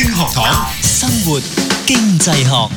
星生活經濟學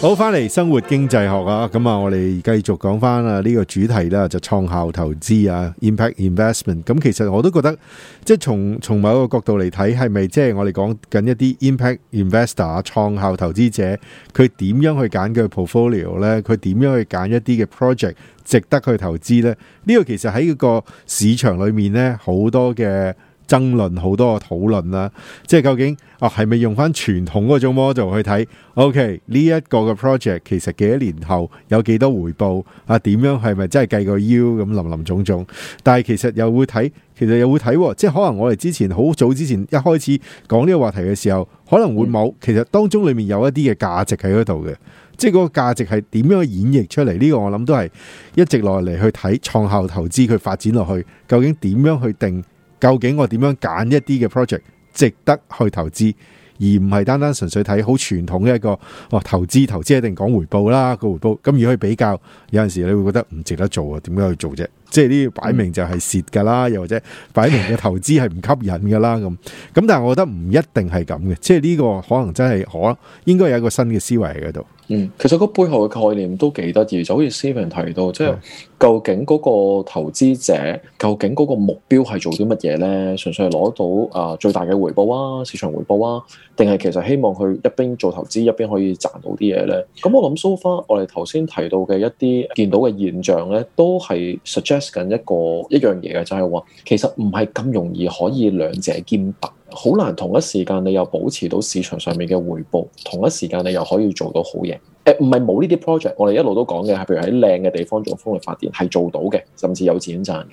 好翻嚟生活經濟學啊，咁啊，我哋繼續講翻啊呢個主題啦，就創效投資啊，impact investment。咁其實我都覺得，即係從從某一個角度嚟睇，係咪即係我哋講緊一啲 impact investor 創效投資者，佢點樣去揀佢 portfolio 咧？佢點樣去揀一啲嘅 project 值得去投資咧？呢個其實喺個市場裏面咧，好多嘅。爭論好多個討論啦，即係究竟啊係咪用翻傳統嗰種 model 去睇？OK 呢一個嘅 project 其實幾多年後有幾多回報啊？點樣係咪真係計個 u 咁林林總總？但係其實又會睇，其實又會睇，即係可能我哋之前好早之前一開始講呢個話題嘅時候，可能會冇。其實當中裡面有一啲嘅價值喺嗰度嘅，即係嗰個價值係點樣去演繹出嚟？呢個我諗都係一直落嚟去睇創效投資佢發展落去，究竟點樣去定？究竟我點樣揀一啲嘅 project 值得去投資？而唔係單單純粹睇好傳統嘅一個哇、哦、投資投資一定講回報啦，個回報，咁如果去比較，有陣時你會覺得唔值得做啊，點解去做啫？即係呢個擺明就係蝕噶啦，又或者擺明嘅投資係唔吸引噶啦咁。咁但係我覺得唔一定係咁嘅，即係呢個可能真係可應該有一個新嘅思維喺度。嗯，其實個背後嘅概念都幾得意，就好似 Stephen 提到，即係究竟嗰個投資者究竟嗰個目標係做啲乜嘢咧？純粹係攞到啊、呃、最大嘅回報啊，市場回報啊，定係其實希望佢一邊做投資一邊可以賺到啲嘢咧？咁、嗯嗯、我諗 So far，我哋頭先提到嘅一啲見到嘅現象咧，都係 suggest 緊一個一樣嘢嘅，就係話其實唔係咁容易可以兩者兼得，好難同一時間你又保持到市場上面嘅回報，同一時間你又可以做到好嘢。誒、呃，唔係冇呢啲 project，我哋一路都講嘅係，譬如喺靚嘅地方做風力發電係做到嘅，甚至有錢賺嘅。誒、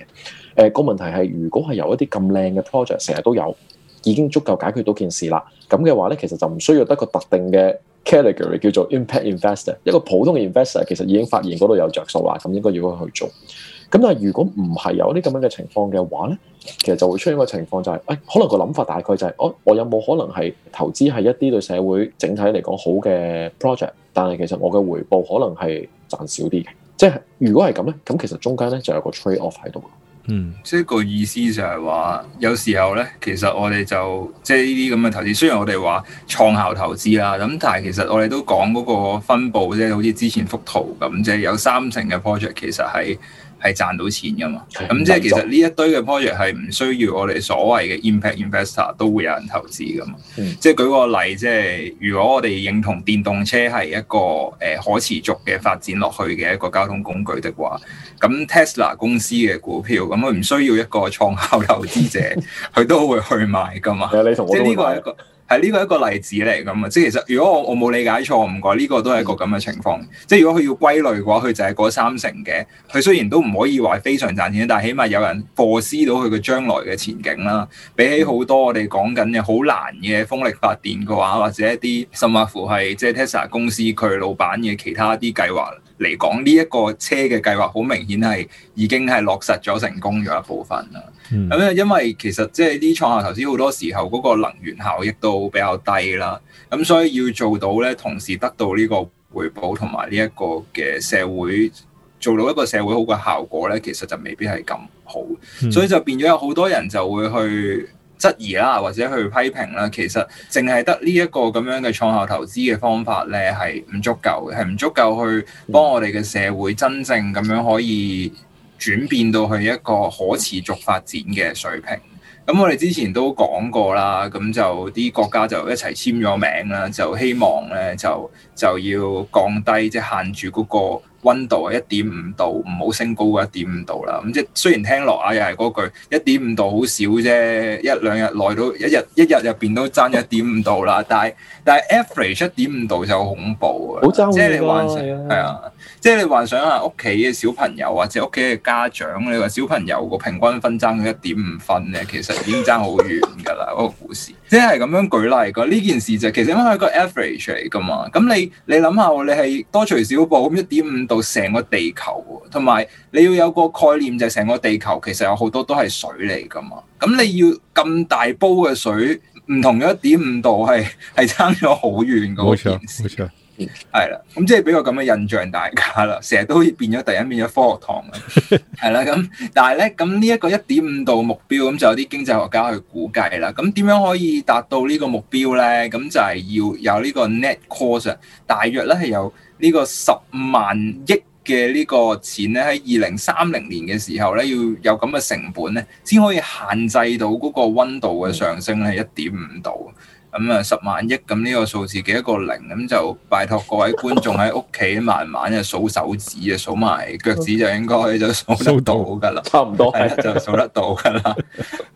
呃，個問題係如果係有一啲咁靚嘅 project 成日都有，已經足夠解決到件事啦。咁嘅話咧，其實就唔需要得個特定嘅 category 叫做 impact investor，一個普通嘅 investor 其實已經發現嗰度有着數啦，咁應該要去做。咁但係如果唔係有啲咁樣嘅情況嘅話咧，其實就會出現個情況就係、是，誒、哎、可能個諗法大概就係、是哦，我我有冇可能係投資係一啲對社會整體嚟講好嘅 project，但係其實我嘅回報可能係賺少啲嘅。即係如果係咁咧，咁其實中間咧就有個 trade off 喺度。嗯，即係個意思就係話，有時候咧，其實我哋就即係呢啲咁嘅投資，雖然我哋話創效投資啦，咁但係其實我哋都講嗰個分佈，即係好似之前幅圖咁，即係有三成嘅 project 其實係。係賺到錢噶嘛？咁即係其實呢一堆嘅 project 係唔需要我哋所謂嘅 impact investor 都會有人投資噶嘛？嗯、即係舉個例，即係如果我哋認同電動車係一個誒、呃、可持續嘅發展落去嘅一個交通工具的話，咁 Tesla 公司嘅股票，咁佢唔需要一個創效投資者，佢 都會去買噶嘛？ 即係呢個係一個。係呢個一個例子嚟咁啊！即係其實，如果我我冇理解錯誤嘅，呢個都係一個咁嘅情況。即係如果佢要歸類嘅話，佢就係嗰三成嘅。佢雖然都唔可以話非常賺錢，但係起碼有人 foresee 到佢嘅將來嘅前景啦。比起好多我哋講緊嘅好難嘅風力發電嘅話，或者一啲甚至乎係即係 Tesla 公司佢老闆嘅其他一啲計劃。嚟講呢一個車嘅計劃，好明顯係已經係落實咗成功咗一部分啦。咁、嗯、因為其實即係啲創客頭先好多時候嗰個能源效益都比較低啦。咁所以要做到咧，同時得到呢個回報同埋呢一個嘅社會做到一個社會好嘅效果咧，其實就未必係咁好。嗯、所以就變咗有好多人就會去，質疑啦，或者去批評啦，其實淨係得呢一個咁樣嘅創效投資嘅方法呢，係唔足夠，係唔足夠去幫我哋嘅社會真正咁樣可以轉變到去一個可持續發展嘅水平。咁我哋之前都講過啦，咁就啲國家就一齊簽咗名啦，就希望呢，就就要降低即係、就是、限住嗰、嗰個。溫度啊，一點五度唔好升高過一點五度啦。咁即係雖然聽落啊，又係嗰句一點五度好少啫，一兩日內都一日一日入邊都爭一點五度啦。但係但係 average 一點五度就好恐怖啊！即係你幻想係啊的，即係你幻想下屋企嘅小朋友或者屋企嘅家長，你話小朋友個平均分爭一點五分咧，其實已經爭好遠噶。 個故事，即係咁樣舉例過呢件事，就其實咁係個 average 嚟噶嘛。咁你你諗下你係多除少補咁一點五度，成個地球喎，同埋你要有個概念就係、是、成個地球其實有好多都係水嚟噶嘛。咁你要咁大煲嘅水，唔同咗一點五度係係差咗好遠噶。冇錯，冇錯。係啦，咁即係俾個咁嘅印象大家啦，成日都變咗第一面嘅科學堂啊，係啦咁，但係咧，咁呢一個一點五度目標咁就有啲經濟學家去估計啦，咁點樣可以達到呢個目標咧？咁就係要有呢個 net cause，大約咧係有呢個十萬億嘅呢個錢咧，喺二零三零年嘅時候咧，要有咁嘅成本咧，先可以限制到嗰個溫度嘅上升係，一點五度。咁啊、嗯，十萬億，咁呢個數字幾多個零？咁就拜託各位觀眾喺屋企慢慢嘅數手指啊，數埋腳趾就應該就數到噶啦，差唔多係啦，就數得到噶啦。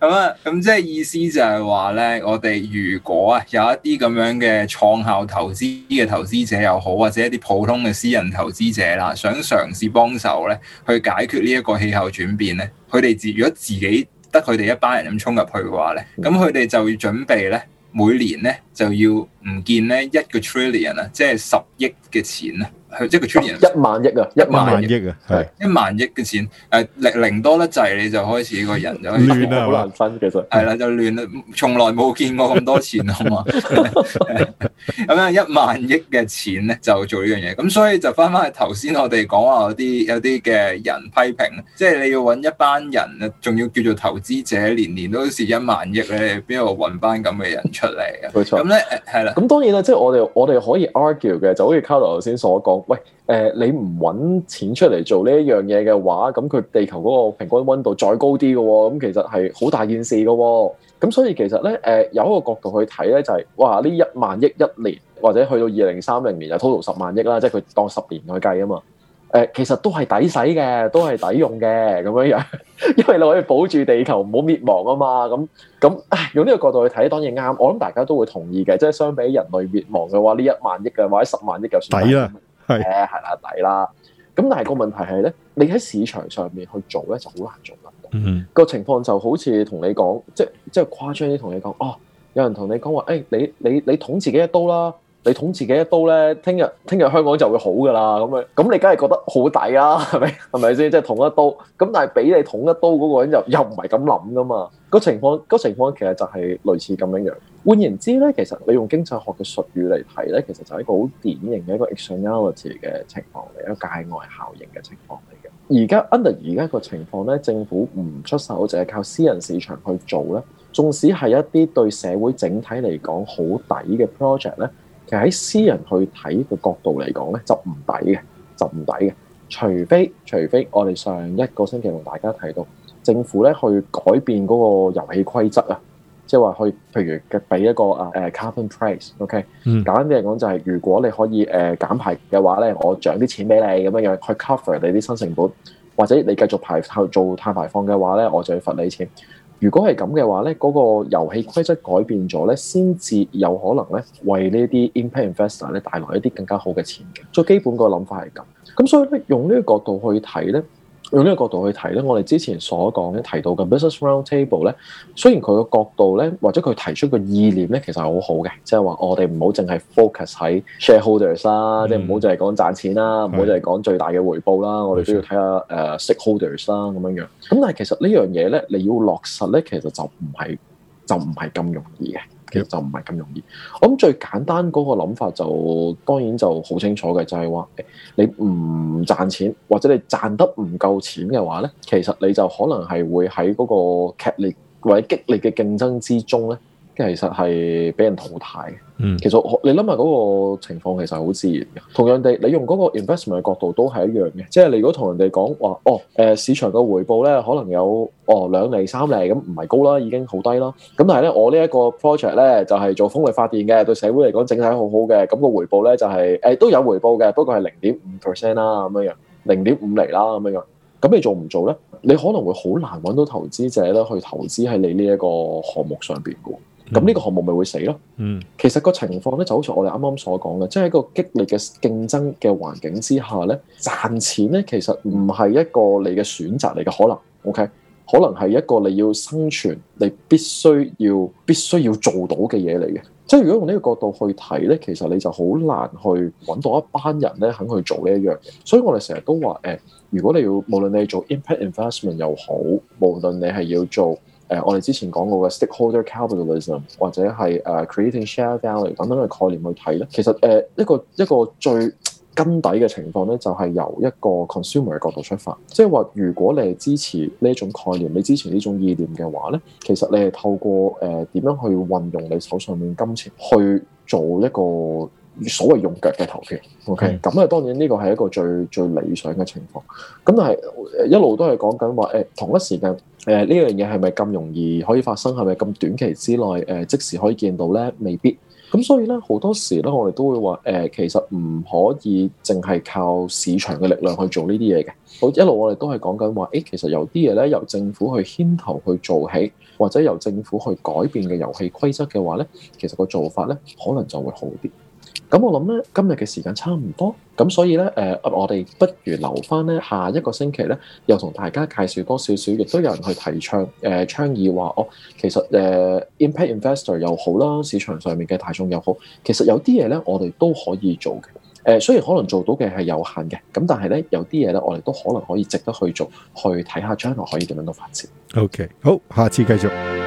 咁啊， 咁即係意思就係話咧，我哋如果啊有一啲咁樣嘅創效投資嘅投資者又好，或者一啲普通嘅私人投資者啦，想嘗試幫手咧，去解決氣呢一個氣候轉變咧，佢哋自如果自己得佢哋一班人咁衝入去嘅話咧，咁佢哋就要準備咧，每年呢，就要。唔見咧一個 trillion 啊，即係十億嘅錢啊，即係一個 trillion 一,一萬億啊，一萬億啊，係一萬億嘅、啊、錢，誒、呃、零零多得滯，你就開始個人就亂啊了，好難分其實係啦，就亂，從來冇見過咁多錢 好嘛吧，咁 樣、嗯、一萬億嘅錢咧就做呢樣嘢，咁所以就翻翻去頭先我哋講話有啲有啲嘅人批評，即係你要揾一班人，仲要叫做投資者，年年都是一萬億咧，邊度揾翻咁嘅人出嚟啊？冇錯，咁咧係啦。嗯咁當然啦，即係我哋我哋可以 argue 嘅，就好似卡羅頭先所講，喂，誒、呃、你唔揾錢出嚟做呢一樣嘢嘅話，咁佢地球嗰個平均溫度再高啲嘅喎，咁、嗯、其實係好大件事嘅喎、哦，咁所以其實咧，誒、呃、有一個角度去睇咧，就係、是、哇呢一萬億一年，或者去到二零三零年就 total 十萬億啦，即係佢當十年去計啊嘛。誒，其實都係抵使嘅，都係抵用嘅咁樣樣，因為你可以保住地球唔好滅亡啊嘛，咁咁唉用呢個角度去睇，當然啱，我諗大家都會同意嘅，即係相比人類滅亡嘅話，呢一萬億嘅或者十萬億就算抵啦，係係啦，抵啦。咁但係個問題係咧，你喺市場上面去做咧就，嗯哼，就好難做啦。個情況就好似同你講，即即係誇張啲同你講，哦，有人同你講話，誒、哎，你你你你你捅自己一刀啦。你捅自己一刀咧，聽日聽日香港就會好噶啦，咁樣咁你梗係覺得好抵啦，係咪係咪先？即係、就是、捅一刀，咁但係俾你捅一刀嗰個人又又唔係咁諗噶嘛？個情況、個情況其實就係類似咁樣樣。換言之咧，其實你用經濟學嘅術語嚟睇咧，其實就係一個好典型嘅一個 externality 嘅情況嚟，一個界外效應嘅情況嚟嘅。而家 under 而家個情況咧，政府唔出手就係靠私人市場去做咧，縱使係一啲對社會整體嚟講好抵嘅 project 咧。其實喺私人去睇嘅角度嚟講咧，就唔抵嘅，就唔抵嘅。除非除非我哋上一個星期同大家提到政府咧去改變嗰個遊戲規則啊，即係話去譬如嘅俾一個啊誒 carbon price，OK，、okay? 嗯、簡單啲嚟講就係、是、如果你可以誒、呃、減排嘅話咧，我獎啲錢俾你咁樣樣去 cover 你啲新成本，或者你繼續排做碳排放嘅話咧，我就要罰你錢。如果係咁嘅話咧，嗰、嗰個遊戲規則改變咗咧，先至有可能咧，為呢啲 impact investor 咧帶來一啲更加好嘅前景。最基本個諗法係咁，咁所以呢，用呢個角度去睇咧。用呢個角度去睇，咧，我哋之前所講咧提到嘅 business round table 咧，雖然佢個角度咧，或者佢提出個意念咧，其實係好好嘅，即係話我哋唔好淨係 focus 喺 shareholders 啦、嗯，即係唔好淨係講賺錢啦，唔好淨係講最大嘅回報啦，的我哋都要睇下、uh, stakeholders 啦咁樣樣。咁但係其實呢樣嘢咧，你要落實咧，其實就唔係就唔係咁容易嘅。其實就唔係咁容易，我諗最簡單嗰個諗法就當然就好清楚嘅，就係話你唔賺錢，或者你賺得唔夠錢嘅話咧，其實你就可能係會喺嗰個劇烈或者激烈嘅競爭之中咧。其實係俾人淘汰嘅。嗯、其實你諗下嗰個情況，其實好自然嘅。同樣地，你用嗰個 investment 嘅角度都係一樣嘅。即係你如果同人哋講話，哦，誒，市場嘅回報咧，可能有哦兩厘三厘咁，唔係高啦，已經好低啦。咁但係咧，我呢一個 project 咧，就係做風力發電嘅，對社會嚟講整體好好嘅。咁、個回報咧就係、是、誒、呃、都有回報嘅，不過係零點五 percent 啦咁樣樣，零點五厘啦咁樣樣。咁你做唔做咧？你可能會好難揾到投資者咧去投資喺你呢一個項目上邊嘅。咁呢個項目咪會死咯？嗯，其實個情況咧就好似我哋啱啱所講嘅，即係一個激烈嘅競爭嘅環境之下咧，賺錢咧其實唔係一個你嘅選擇嚟嘅，可能 OK，可能係一個你要生存，你必須要必須要做到嘅嘢嚟嘅。即係如果用呢個角度去睇咧，其實你就好難去搵到一班人咧肯去做呢一樣嘢。所以我哋成日都話誒、呃，如果你要無論你做 impact investment 又好，無論你係要做。誒、呃，我哋之前講過嘅 stakeholder capitalism 或者係誒、uh, creating share value 等等嘅概念去睇咧，其實誒、呃、一個一個最根底嘅情況咧，就係、係、由一個 consumer 嘅角度出發，即係話如果你係支持呢種概念，你支持呢種意念嘅話咧，其實你係透過誒點、呃、樣去運用你手上面金錢去做一個。所謂用腳嘅投票，OK 咁啊、嗯？當然呢個係一個最最理想嘅情況。咁但係一路都係講緊話誒，同一時間誒呢樣嘢係咪咁容易可以發生？係咪咁短期之內誒、欸、即時可以見到咧？未必。咁所以咧，好多時咧，我哋都會話誒、欸，其實唔可以淨係靠市場嘅力量去做呢啲嘢嘅。好，一路我哋都係講緊話，誒、欸、其實有啲嘢咧由政府去牽頭去做起，或者由政府去改變嘅遊戲規則嘅話咧，其實個做法咧可能就會好啲。咁我諗咧今日嘅時間差唔多，咁所以咧，誒、呃，我哋不如留翻咧下一個星期咧，又同大家介紹多少少，亦都有人去提倡，誒、呃，倡議話哦，其實誒、呃，impact investor 又好啦，市場上面嘅大眾又好，其實有啲嘢咧，我哋都可以做嘅，誒、呃，雖然可能做到嘅係有限嘅，咁但係咧，有啲嘢咧，我哋都可能可以值得去做，去睇下將來可以點樣到發展。OK，好，下次繼續。